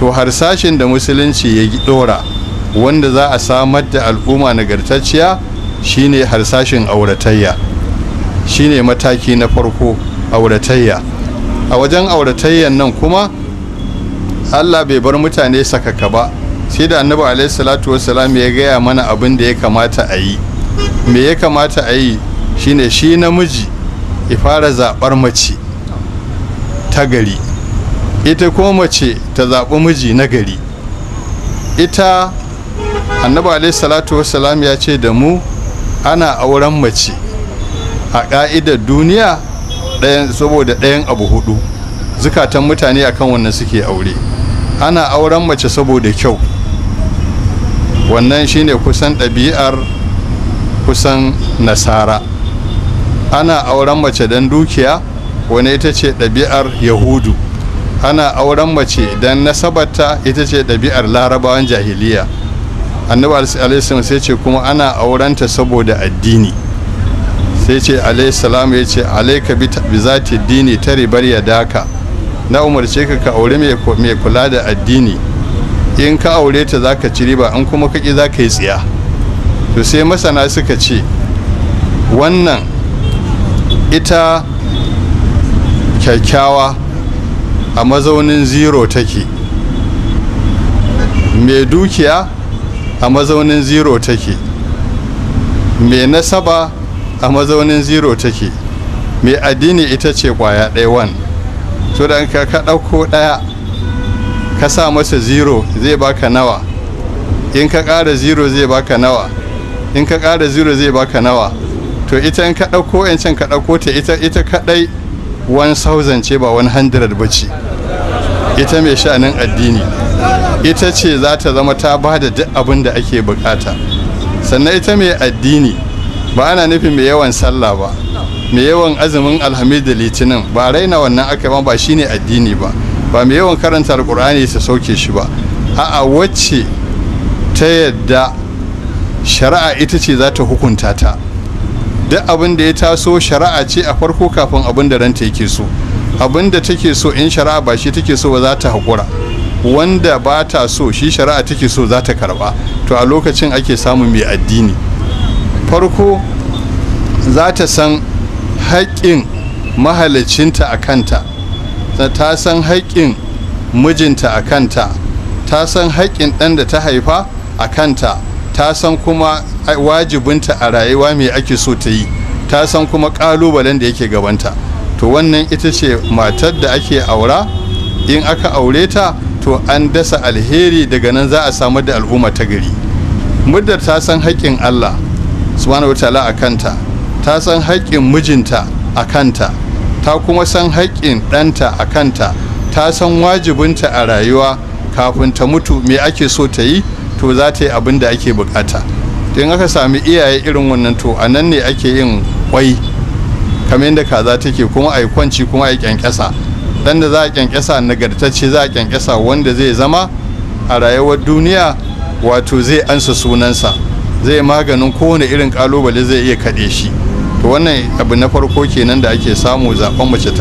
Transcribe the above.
to harsashin da musulunci ya dora wanda za a samar da al'umma nagartacciya shine harsashin auratayya shine mataki na farko auratayya a wajen auratayyan nan kuma allah bai bar mutane sakaka ba sai da annabi alaihi salatu wasalam ya gaya mana abin da ya kamata a yi me ya kamata a yi shine shi namiji ya fara zaɓar mace ta gari ita ko mace ta zaɓi miji na gari ita annabi salatu salam ya ce da mu ana auren mace a ƙa'idar duniya saboda ɗayan abu hudu zukatan mutane akan wannan suke aure ana auren mace saboda kyau wannan shine kusan ɗabi'ar kusan nasara ana auren mace don dukiya wani ita ce ɗabi'ar yahudu ana auren mace idan nasabarta ita ce ɗabi'ar larabawan jahiliya annabi alaihissalam sai ce kuma ana aurenta saboda addini sai ce alaihissalam ya ce alaika bi zati dini ta ribar ya daka na umarce ka ka aure mai kula da addini in ka aure ta za ka ci riba in kuma kaki za ka yi tsiya to sai masana suka ce wannan ita kyakkyawa a mazaunin zero take mai dukiya a mazaunin zero take mai nasaba a mazaunin zero take mai addini ita ce kwaya ɗaya wan so da ka ka ɗauko ɗaya ka sa masa zero zai baka nawa in ka ƙara zero zai baka nawa in ka ƙara zero zai baka nawa to ita in ka ɗauko yancin ka ɗauko ta ita ita kaɗai 1000 ce ba 100 ba ce ita mai sha'anin addini ita ce za ta zama ta ba da duk abin da ake bukata sannan ita mai addini ba ana nufin mai yawan sallah ba mai yawan azumin alhamis da litinin ba raina wannan aka ba ba shine addini ba ba mai yawan karanta alkur'ani ta sauke shi ba a'a wacce ta yadda shari'a ita ce za ta hukunta ta duk abin da ya taso shari'a ce a farko kafin abin da ranta yake so abin da take so in shari'a ba shi take so ba za ta haƙura wanda ba ta so shi shari'a take so za ta karba to a lokacin ake samun mai addini farko za ta san haƙƙin mahalicinta a kanta ta san haƙƙin mijinta a kanta ta san haƙƙin ɗan da ta haifa a kanta ta san kuma wajibinta a rayuwa mai ake so ta yi ta san kuma kalubalen da yake gabanta to wannan ita ce matar da ake aura in aka aure ta to an dasa alheri daga nan za a samar da al'umma ta gari muddar ta san haƙƙin allah subhanahu wataala a kanta ta san haƙƙin mijinta a kanta ta kuma san haƙƙin ɗanta a kanta ta san wajibinta a rayuwa kafin ta mutu me ake so ta yi to za ta yi abin da ake bukata don aka sami iyaye irin wannan to a nan ne ake yin kwai kamar yadda kaza take kuma a yi kwanci kuma a yi kyankyasa dan da za a kyankyasa nagartacce za a kyankyasa wanda zai zama a rayuwar duniya wato zai ansa sunansa zai maganin kowane irin kalubale zai iya kaɗe shi to wannan abu na farko kenan da ake samu zaɓen mace ta